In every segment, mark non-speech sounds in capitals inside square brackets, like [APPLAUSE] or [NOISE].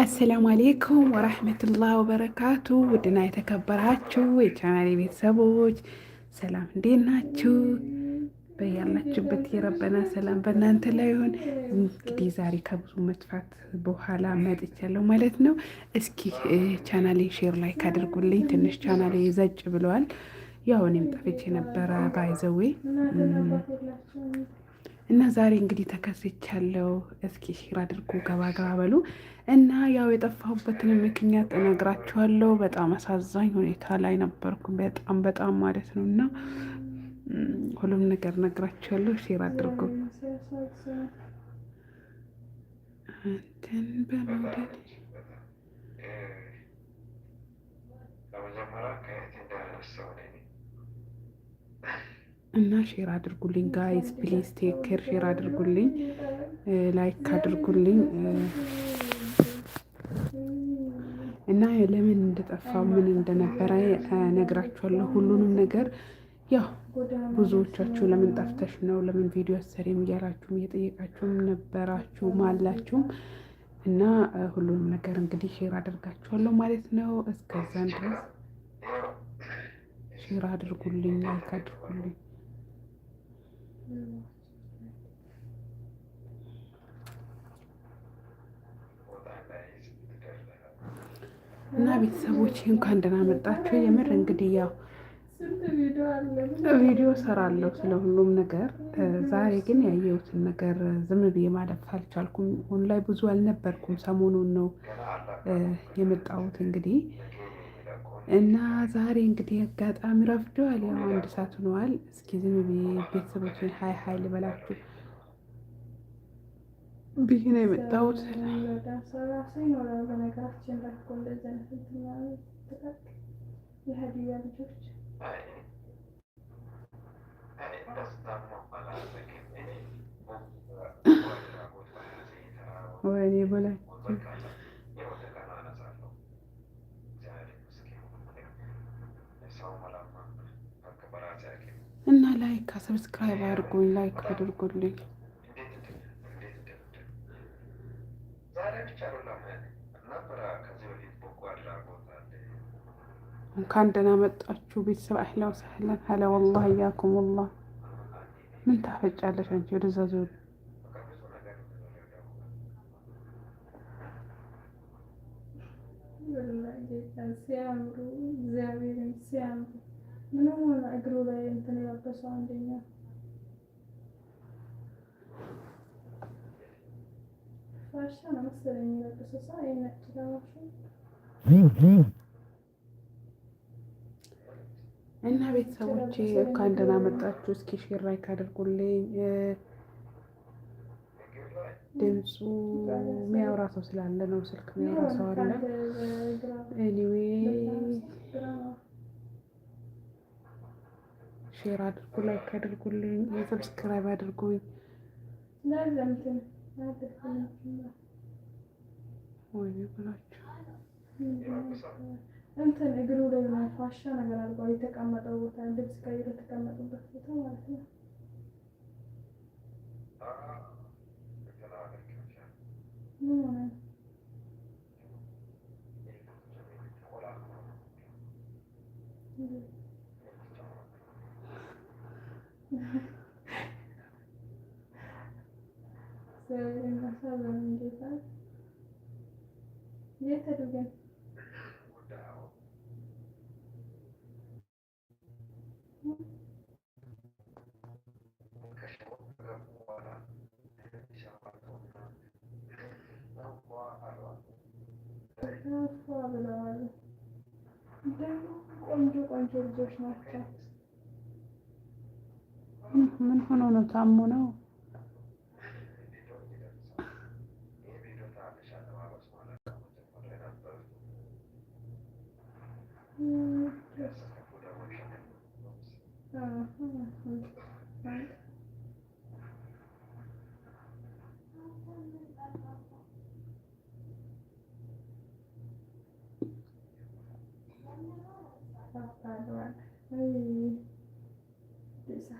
አሰላሙ አሌይኩም ወራህመቱላህ ወበረካቱ። ውድና የተከበራችሁ የቻናሌ ቤተሰቦች ሰላም እንዴት ናችሁ? በያላችሁበት የረበና ሰላም በእናንተ ላይ ይሁን። እንግዲህ ዛሬ ከብዙ መጥፋት በኋላ መጥቻለሁ ማለት ነው። እስኪ ቻናሌ ሼር ላይክ አድርጉልኝ። ትንሽ ቻናሌ ዘጭ ብለዋል። ያው እኔም ጠፍቼ ነበረ ባይዘዌ እና ዛሬ እንግዲህ ተከስቻለሁ። እስኪ ሼር አድርጉ፣ ገባ ገባ በሉ እና ያው የጠፋሁበትን ምክንያት እነግራችኋለሁ። በጣም አሳዛኝ ሁኔታ ላይ ነበርኩ፣ በጣም በጣም ማለት ነው። እና ሁሉም ነገር እነግራችኋለሁ። ሼር አድርጉ በመውደድ ለመጀመሪያ ከየት እና ሼር አድርጉልኝ ጋይዝ ፕሊዝ ቴክር ሼር አድርጉልኝ፣ ላይክ አድርጉልኝ። እና ለምን እንደጠፋ ምን እንደነበረ ነግራችኋለሁ። ሁሉንም ነገር ያው ብዙዎቻችሁ ለምን ጠፍተሽ ነው ለምን ቪዲዮ አሰሪም እያላችሁም እየጠየቃችሁም ነበራችሁም አላችሁም። እና ሁሉንም ነገር እንግዲህ ሼር አድርጋችኋለሁ ማለት ነው እስከዛን ድረስ ሼር አድርጉልኝ፣ ላይክ አድርጉልኝ። እና ቤተሰቦች እንኳን ደህና መጣችሁ። የምር እንግዲህ ያው ቪዲዮ ሰራለሁ ስለ ሁሉም ነገር። ዛሬ ግን ያየሁትን ነገር ዝም ብዬ ማለፍ አልቻልኩም። ሁን ላይ ብዙ አልነበርኩም፣ ሰሞኑን ነው የመጣሁት እንግዲህ እና ዛሬ እንግዲህ አጋጣሚ ረፍደዋል። ያው አንድ ሰዓት ሆነዋል። እስኪ ዝም ቤተሰቦች ሀይ ሀይ ልበላችሁ ብዬ ነው የመጣሁት። ወይኔ በላችሁ እና ላይክ ሰብስክራይብ አድርጉኝ፣ ላይክ አድርጉልኝ። እንኳን ደህና መጣችሁ ቤተሰብ። አህላ ወሰህለን ሀላ ወላህ እያኩም ወላህ። ምን ታፈጫለሽ አንቺ? ወደዛ ዞር ሲያምሩ እግዚአብሔርን ሲያምሩ ምንም ሆነ እግሩ ላይ እንትን የለበሰው አንደኛ ፋሻ ነው መሰለኝ የለበሰው ሰው ይሄን እና ቤተሰቦች እንኳን ደህና መጣችሁ። እስኪ ሼር ላይክ አድርጉልኝ። ድምፁ የሚያወራ ሰው ስላለ ነው። ስልክ የሚያወራ ሰው አለ። ሼር አድርጉ፣ ላይክ አድርጉልኝ፣ የሰብስክራይብ አድርጉኝ። ወይኔ ብላችሁ እንትን እግሩ ላይ ፋሻ ነገር አድርጓል። የተቀመጠው ቦታ ልብስ ቀይሮ የተቀመጡበት ቦታ ማለት ነው። ምን Söyleyeyim nasıl bölüm güzel. Yeter bugün. Ben ቆንጆ ልጆች ናቸው። ምን ሆኖ ነው? ታሞ ነው?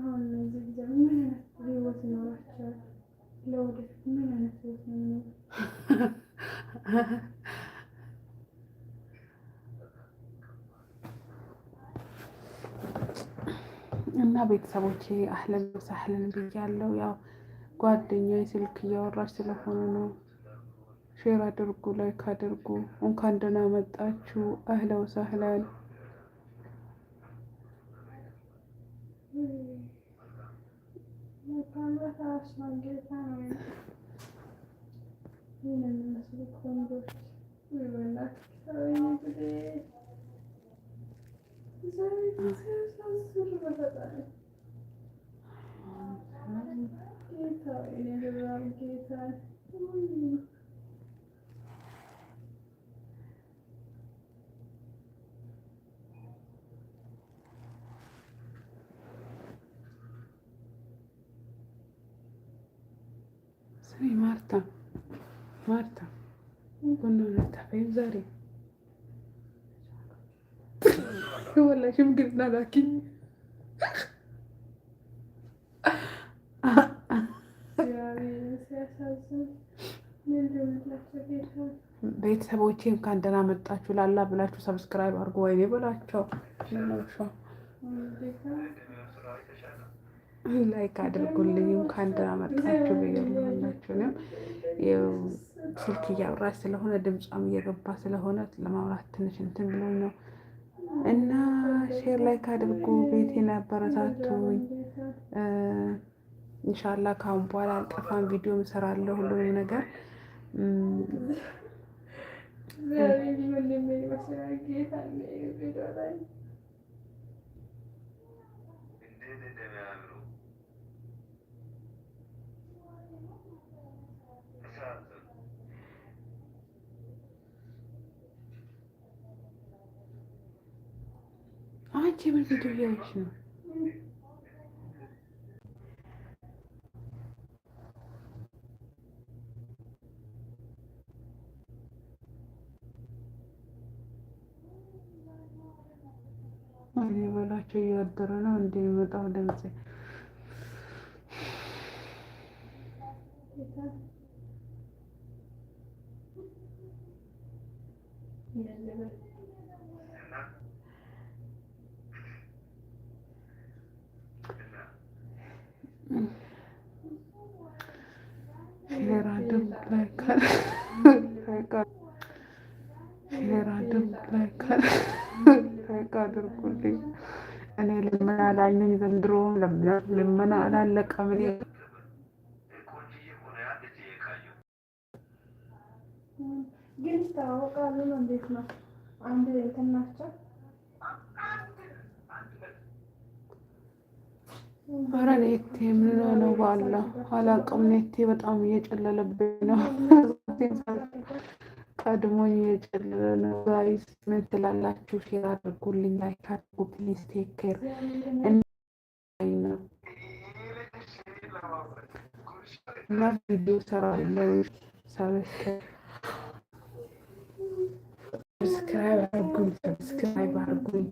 አሁን እነዚህ ጊዜ ምን አይነት ህይወት ይኖራቸዋል? ለወደፊት ምን አይነት ህይወት ነው የሚኖሩ? እና ቤተሰቦቼ አህለን ሳህለን ብያለው። ያው ጓደኛ ስልክ እያወራች ስለሆነ ነው። ሼር አድርጉ፣ ላይክ አድርጉ። እንኳን ደህና መጣችሁ። አህለው ሳህለን açmam gereken oyun. Yine nasıl bir konudur. Uygulayın öyle Güzel bir kızıyorsan sırrına kadar. Gitar, yine güzel bir gitar. Uyuyun. ማርታ ማርታ ጎናን አታፈይም ዛሬ ወላ ሽምግልና ላኪኝ ቤተሰቦቼ እንኳን ደህና መጣችሁ። ላላ ብላችሁ ሰብስክራይብ አድርጎ ወይኔ ብላቸው ላይክ አድርጉልኝ። እንኳን ደህና መጣችሁ ብያላችሁንም ስልክ እያወራች ስለሆነ ድምጿም እየገባ ስለሆነ ለማውራት ትንሽ እንትን ብሎ ነው እና ሼር ላይክ አድርጉ። ቤቴን አበረታቱኝ። እንሻላ ካሁን በኋላ አልጠፋም፣ ቪዲዮ እሰራለሁ ሁሉንም ነገር አንቺ ምን ቪዲዮ እያየሽ ነው? እኔ በላቸው እያደረ ነው እንዲመጣው ድምፅ ጸጋ አድርጉልኝ። እኔ ልመና ላለኝ ዘንድሮ ልመና አላለቀም። ግን ታወቃሉ ነው። እንዴት ነው አንድ እንትን ናቸው። ኧረ ኔቴ ምን ነው ባላ አላቅም። ኔቴ በጣም እየጨለለብኝ ነው። ቀድሞኝ የጨለመ ነው ጋይስ። ምን ትላላችሁ? ሼር አድርጉልኝ፣ ላይክ አድርጉ ፕሊዝ። ቴክ ኬር እና ቪዲዮ ሰራለው። ሰብስክራይብ አድርጉኝ፣ ሰብስክራይብ አድርጉኝ።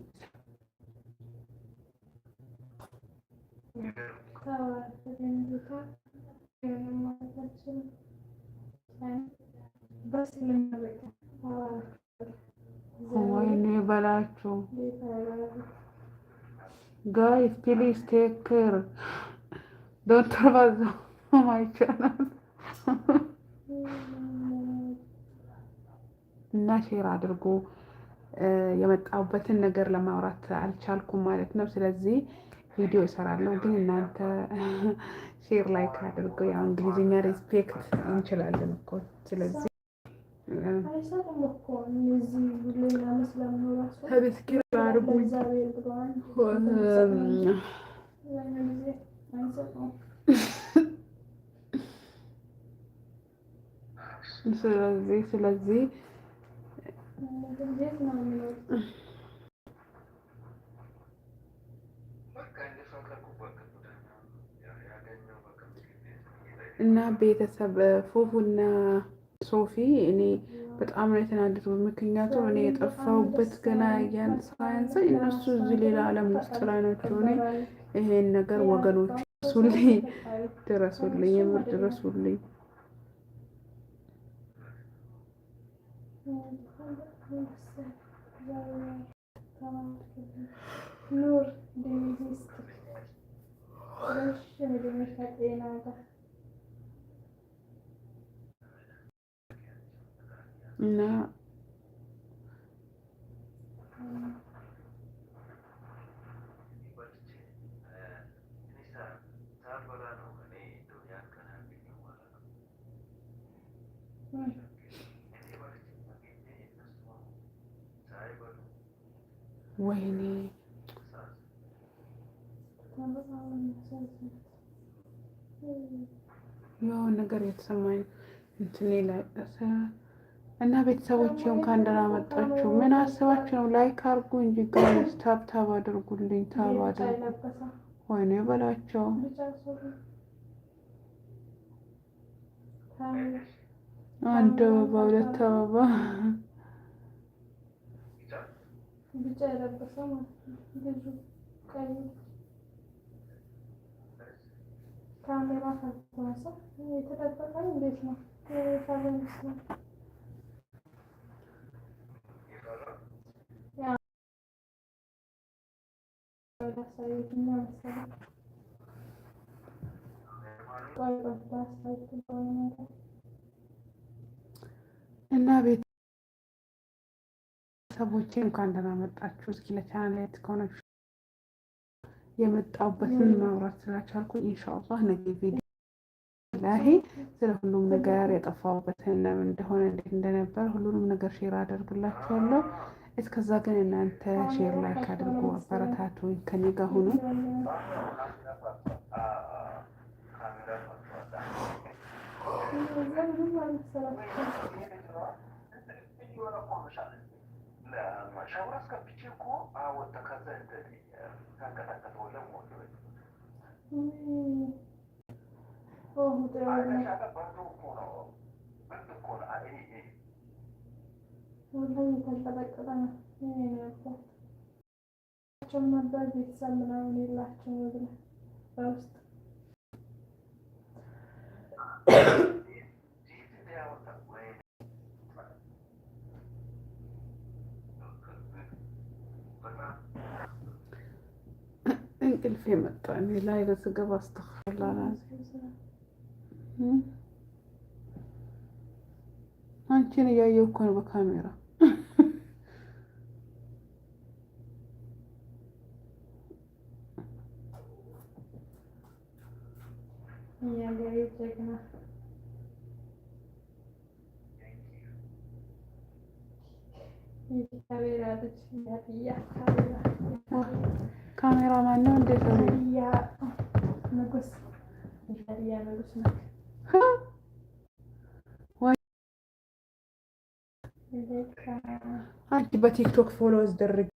ወይኔ በላችሁ ጋይስ ፕሊስ ቴክ ኬር ዶክተር ባዛ ማይቻናል እና ሼር አድርጎ የመጣሁበትን ነገር ለማውራት አልቻልኩም ማለት ነው። ስለዚህ ቪዲዮ እሰራለሁ፣ ግን እናንተ ሼር [LAUGHS] ላይክ አድርገው። ያው እንግሊዝኛ ሪስፔክት እንችላለን እኮ ስለዚህ ከቤት ኪራይ አድርጉ ስለዚህ ስለዚህ እና ቤተሰብ ፉፉና ሶፊ እኔ በጣም ነው የተናደድኩት። ምክንያቱም እኔ የጠፋሁበት ገና ያን ሳያንሰ እነሱ እዚህ ሌላ ዓለም ውስጥ ላይ ናቸው። እኔ ይሄን ነገር ወገኖች ድረሱልኝ፣ ድረሱልኝ፣ የምር ድረሱልኝ። ኑር ጤና እና ወይኔ የሆነ ነገር የተሰማኝ እንትኔ ላይ እና ቤተሰቦች ሆን ደህና መጣችሁ። ምን አስባችሁ ነው? ላይክ አርጉ እንጂ ጋይስ፣ ታብ ታብ አድርጉልኝ። ታብ አድርጉ ወይኔ በላቸው። አንድ አበባ ሁለት አበባ ካሜራ እንዴት ነው እና ቤተሰቦቼ እንኳን ደህና መጣችሁ። እስኪ ለቻናል ላይ ከሆነች የመጣሁበትን ማውራት ስላቻልኩ ኢንሻአላህ ነገ ቪዲዮ ላይ ስለ ሁሉም ነገር የጠፋሁበትን ለምን እንደሆነ እንዴት እንደነበር ሁሉንም ነገር ሼር አደርግላችኋለሁ። እስከዛ ግን እናንተ ሼር ላይክ አድርጉ፣ አበረታቱ፣ ከኔ ጋር ሁኑ። عايزة شباب برضه كورة اه بنت الكورة ايه ايه والله ተንጠበጥበን ይሄ ነው ያቸው ነበር ቤተሰብ ምናምን የላቸው ብለ በውስጥ እንቅልፍ የመጣ እኔ ላይ በስገባ አስተክላላ አንቺን እያየሁ እኮ ነው በካሜራ ካሜራ ማን ነው? እንዴት ነው? አንድ በቲክቶክ ፎሎ አስደርግ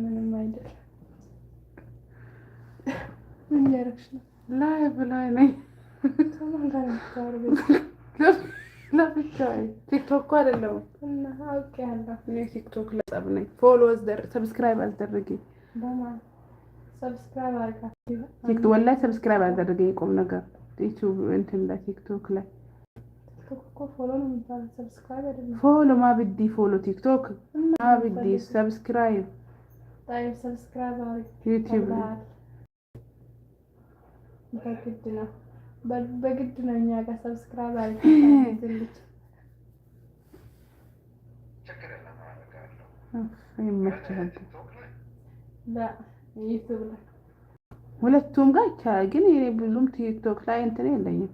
ምንም አይደለም። ምን ያረግሽ ነው? ላይ ብላይ ነኝ ቲክቶክ እኮ አይደለም እኔ ቲክቶክ ላይ ጸብ ነኝ። ፎሎወርስ ሰብስክራይብ አልተደረገኝ ወላሂ ሰብስክራይብ አልተደረገኝ ቁም ነገር ዩቲዩብ እንትን ላይ ቲክቶክ ላይ ፎሎ ማብዲ ፎሎ ቲክቶክ ማብዲ ሰብስክራይብ ዩቲዩብ በግድ ነው በግድ እኛ ጋር ሰብስክራይብ [LAUGHS] ሁለቱም ጋር ይቻላል፣ ግን እኔ ብዙም ቲክቶክ ላይ እንትን የለኝም።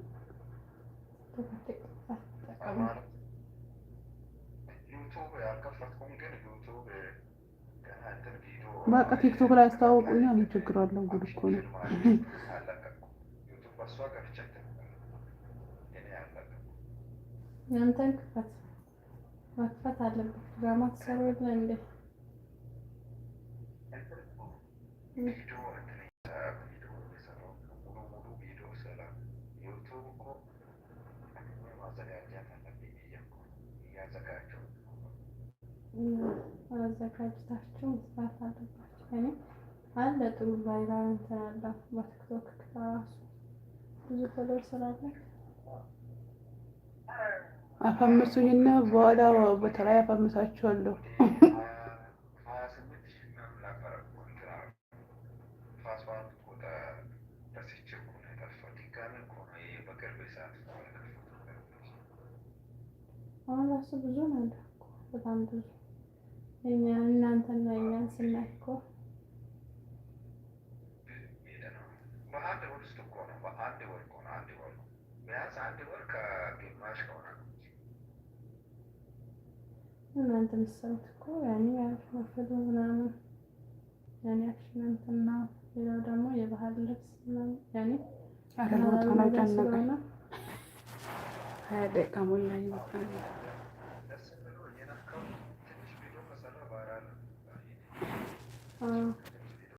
በቃ ቲክቶክ ላይ አስተዋወቁኛ። ምን ችግር አለው? ጉድ እኮ ነው። ያንተን ክፈት መክፈት አለበት። ድራማ ተሰሩ የለ እንዴ? አዘጋጅታችሁ መስራት አለባችሁ። እኔ አለ ጥሩ ቫይራል እንትን አለ በቲክቶክ ብዙ ፎሎወር ስላለ አፈምሱኝና በኋላ በተራይ ላይ አፈምሳችኋለሁ። አሁን ብዙ ነው እኮ በጣም ብዙ እኛ እናንተና እኛን ስናይ እኮ በአንድ ወር እኮ ነው። በአንድ ወር እኮ አንድ ወር ቢያንስ አንድ ወር ከግማሽ ከሆነ እናንተ የምትሰሩት እኮ ያኔ አሪፍ ምናምን ያኔ አክሽን እንትን ነው። ሌላው ደግሞ የባህል ልብስ ምናምን ያኔ ስለሆነ